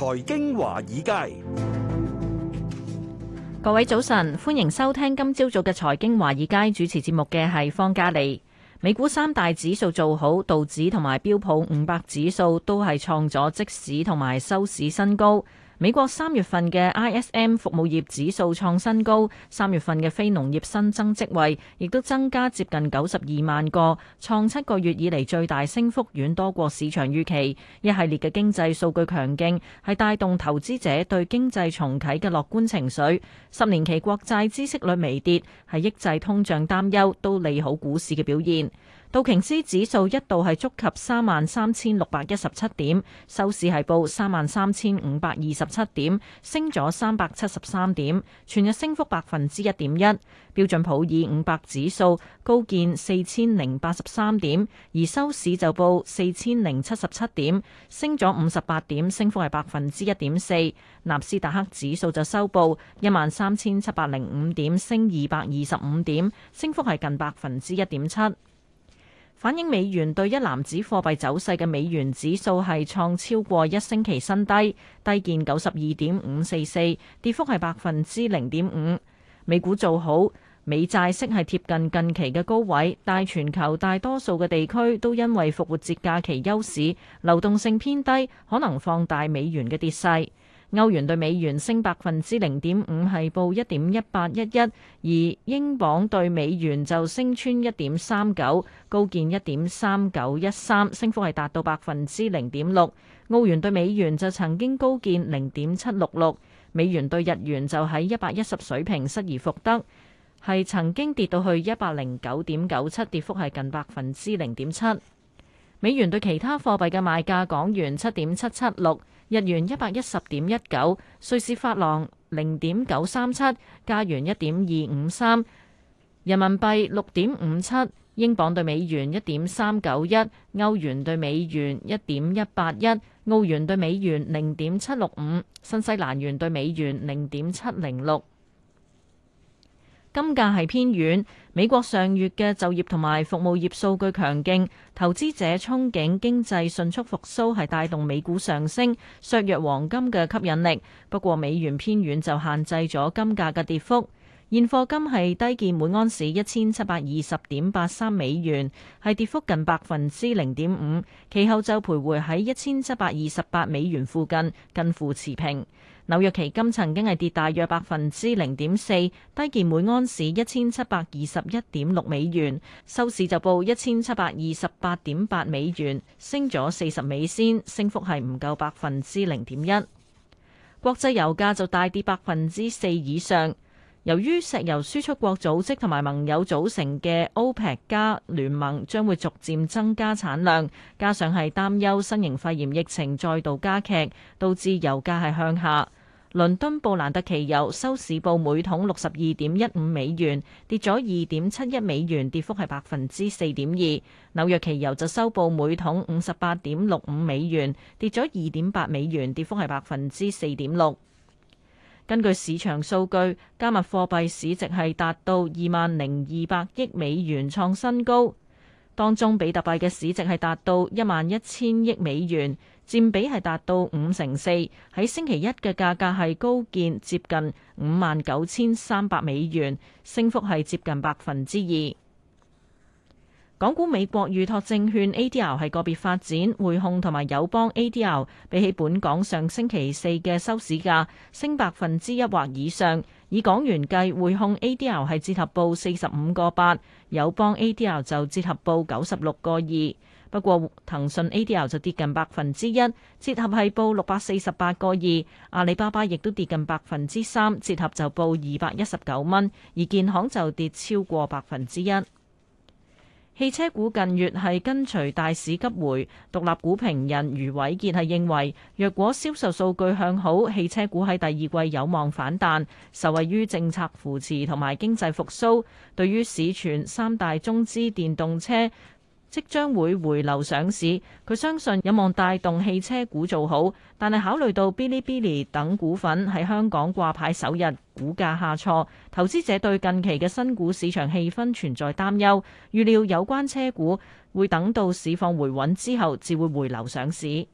財經華爾街，各位早晨，歡迎收聽今朝早嘅財經華爾街主持節目嘅係方嘉利，美股三大指數做好，道指同埋標普五百指數都係創咗即市同埋收市新高。美國三月份嘅 ISM 服務業指數創新高，三月份嘅非農業新增職位亦都增加接近九十二萬個，創七個月以嚟最大升幅，遠多過市場預期。一系列嘅經濟數據強勁，係帶動投資者對經濟重啟嘅樂觀情緒。十年期國債孳息率微跌，係抑制通脹擔憂，都利好股市嘅表現。道瓊斯指數一度係觸及三萬三千六百一十七點，收市係報三萬三千五百二十七點，升咗三百七十三點，全日升幅百分之一點一。標準普爾五百指數高見四千零八十三點，而收市就報四千零七十七點，升咗五十八點，升幅係百分之一點四。納斯達克指數就收報一萬三千七百零五點，升二百二十五點，升幅係近百分之一點七。反映美元對一籃子貨幣走勢嘅美元指數係創超過一星期新低，低見九十二點五四四，跌幅係百分之零點五。美股做好，美債息係貼近近期嘅高位，但全球大多數嘅地區都因為復活節假期休市，流動性偏低，可能放大美元嘅跌勢。歐元對美元升百分之零點五，係報一點一八一一；而英鎊對美元就升穿一點三九，高見一點三九一三，升幅係達到百分之零點六。澳元對美元就曾經高見零點七六六。美元對日元就喺一百一十水平失而復得，係曾經跌到去一百零九點九七，跌幅係近百分之零點七。美元對其他貨幣嘅賣價：港元七點七七六，日元一百一十點一九，瑞士法郎零點九三七，加元一點二五三，人民幣六點五七，英鎊對美元一點三九一，歐元對美元一點一八一，澳元對美元零點七六五，新西蘭元對美元零點七零六。金價係偏軟，美國上月嘅就業同埋服務業數據強勁，投資者憧憬經濟迅速復甦係帶動美股上升，削弱黃金嘅吸引力。不過美元偏軟就限制咗金價嘅跌幅。現貨金係低見每安士一千七百二十點八三美元，係跌幅近百分之零點五。其後就徘徊喺一千七百二十八美元附近，近乎持平。紐約期金曾經係跌大約百分之零點四，低見每安士一千七百二十一點六美元，收市就報一千七百二十八點八美元，升咗四十美仙，升幅係唔夠百分之零點一。國際油價就大跌百分之四以上。由於石油輸出國組織同埋盟友組成嘅 OPEC 加聯盟將會逐漸增加產量，加上係擔憂新型肺炎疫情再度加劇，導致油價係向下。倫敦布蘭特期油收市報每桶六十二點一五美元，跌咗二點七一美元，跌幅係百分之四點二。紐約期油就收報每桶五十八點六五美元，跌咗二點八美元，跌幅係百分之四點六。根據市場數據，加密貨幣市值係達到二萬零二百億美元創新高，當中比特幣嘅市值係達到一萬一千億美元，佔比係達到五成四。喺星期一嘅價格係高見接近五萬九千三百美元，升幅係接近百分之二。港股美國預託證券 ADR 係個別發展，匯控同埋友邦 ADR 比起本港上星期四嘅收市價升百分之一或以上，以港元計匯控 ADR 係折合報四十五個八，友邦 ADR 就折合報九十六個二。不過騰訊 ADR 就跌近百分之一，折合係報六百四十八個二，阿里巴巴亦都跌近百分之三，折合就報二百一十九蚊，而建行就跌超過百分之一。汽車股近月係跟隨大市急回，獨立股評人余偉傑係認為，若果銷售數據向好，汽車股喺第二季有望反彈，受惠於政策扶持同埋經濟復甦。對於市傳三大中資電動車，即將會回流上市，佢相信有望帶動汽車股做好，但係考慮到 Bilibili 等股份喺香港掛牌首日股價下挫，投資者對近期嘅新股市場氣氛存在擔憂，預料有關車股會等到市況回穩之後，至會回流上市。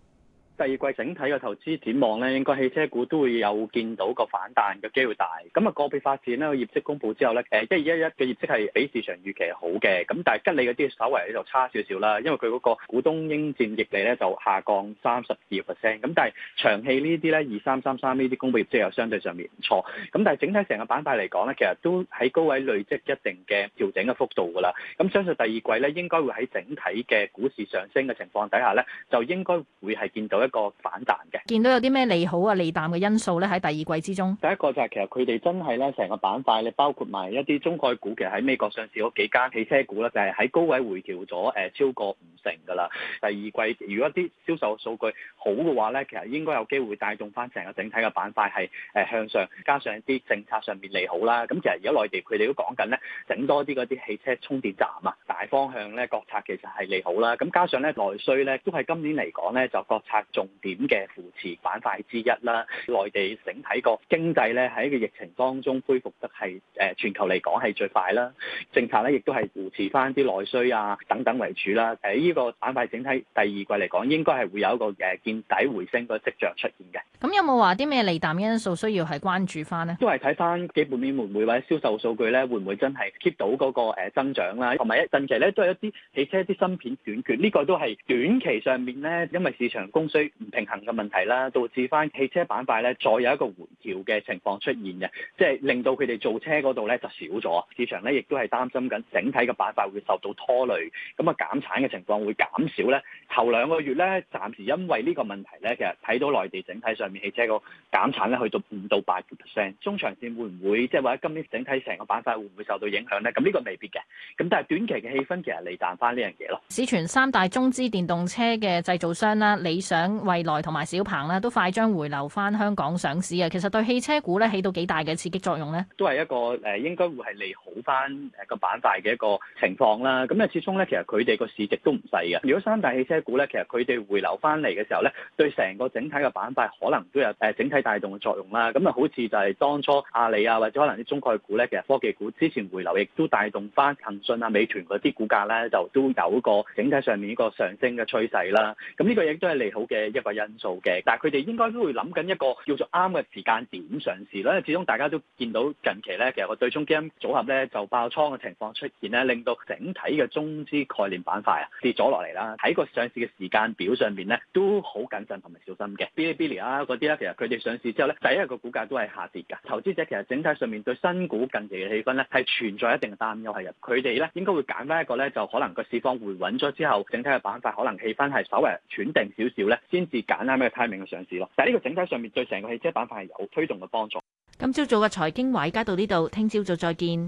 第二季整體嘅投資展望咧，應該汽車股都會有見到個反彈嘅機會大。咁啊個別發展咧，業績公布之後咧，誒一二一一嘅業績係比市場預期好嘅。咁但係吉利嗰啲稍微喺度差少少啦，因為佢嗰個股東應佔溢利咧就下降三十二 percent。咁但係長汽呢啲咧二三三三呢啲公布業績又相對上面唔錯。咁但係整體成個板塊嚟講咧，其實都喺高位累積一定嘅調整嘅幅度㗎啦。咁相信第二季咧應該會喺整體嘅股市上升嘅情況底下咧，就應該會係見到一個反彈嘅，見到有啲咩利好啊利淡嘅因素咧？喺第二季之中，第一個就係其實佢哋真係咧，成個板塊咧，包括埋一啲中概股，其實喺美國上市嗰幾間汽車股咧，就係、是、喺高位回調咗誒，超過五。定啦，第二季如果啲銷售數據好嘅話咧，其實應該有機會帶動翻成個整體嘅板塊係誒向上，加上一啲政策上面利好啦。咁其實而家內地佢哋都講緊咧，整多啲嗰啲汽車充電站啊，大方向咧國策其實係利好啦。咁加上咧內需咧，都係今年嚟講咧就國策重點嘅扶持板塊之一啦。內地整體個經濟咧喺個疫情當中恢復得係誒全球嚟講係最快啦。政策咧亦都係扶持翻啲內需啊等等為主啦。誒個板塊整體第二季嚟講，應該係會有一個誒見底回升個跡象出現嘅。咁有冇話啲咩利淡因素需要係關注翻呢？都係睇翻基本面會唔會或者銷售數據咧，會唔會真係 keep 到嗰個增長啦？同埋近期咧都係一啲汽車啲芯片短缺，呢個都係短期上面咧，因為市場供需唔平衡嘅問題啦，導致翻汽車板塊咧再有一個回調嘅情況出現嘅，即係令到佢哋造車嗰度咧就少咗，市場咧亦都係擔心緊整體嘅板塊會受到拖累，咁啊減產嘅情況。會減少咧。頭兩個月咧，暫時因為呢個問題咧，其實睇到內地整體上面汽車個減產咧，去到五到八個 percent。中長線會唔會即係話今年整體成個板塊會唔會受到影響咧？咁、這、呢個未必嘅。咁但係短期嘅氣氛其實嚟彈翻呢樣嘢咯。市傳三大中資電動車嘅製造商啦，理想、蔚來同埋小鵬啦，都快將回流翻香港上市啊。其實對汽車股咧，起到幾大嘅刺激作用咧，都係一個誒，應該會係利好翻誒個板塊嘅一個情況啦。咁誒，始終咧，其實佢哋個市值都唔細嘅，如果三大汽車股咧，其實佢哋回流翻嚟嘅時候咧，對成個整體嘅板塊可能都有誒整體帶動嘅作用啦。咁啊，好似就係當初阿里啊，或者可能啲中概股咧，其實科技股之前回流，亦都帶動翻騰訊啊、美團嗰啲股價咧，就都有個整體上面一個上升嘅趨勢啦。咁呢個亦都係利好嘅一個因素嘅，但係佢哋應該都會諗緊一個叫做啱嘅時間點上市啦。始終大家都見到近期咧，其實個對沖基金組合咧就爆倉嘅情況出現咧，令到整體嘅中資概念板塊啊跌。咗落嚟啦，喺個上市嘅時間表上面咧，都好謹慎同埋小心嘅。Bilibili 啦，嗰啲咧，其實佢哋上市之後咧，第一日個股價都係下跌㗎。投資者其實整體上面對新股近期嘅氣氛咧，係存在一定嘅擔憂。係呀，佢哋咧應該會揀翻一個咧，就可能個市況回穩咗之後，整體嘅板塊可能氣氛係稍為喘定少少咧，先至揀啱咩 timing 去上市咯。但係呢個整體上面對成個汽車板塊係有推動嘅幫助。今朝早嘅財經華爾街到呢度，聽朝早再見。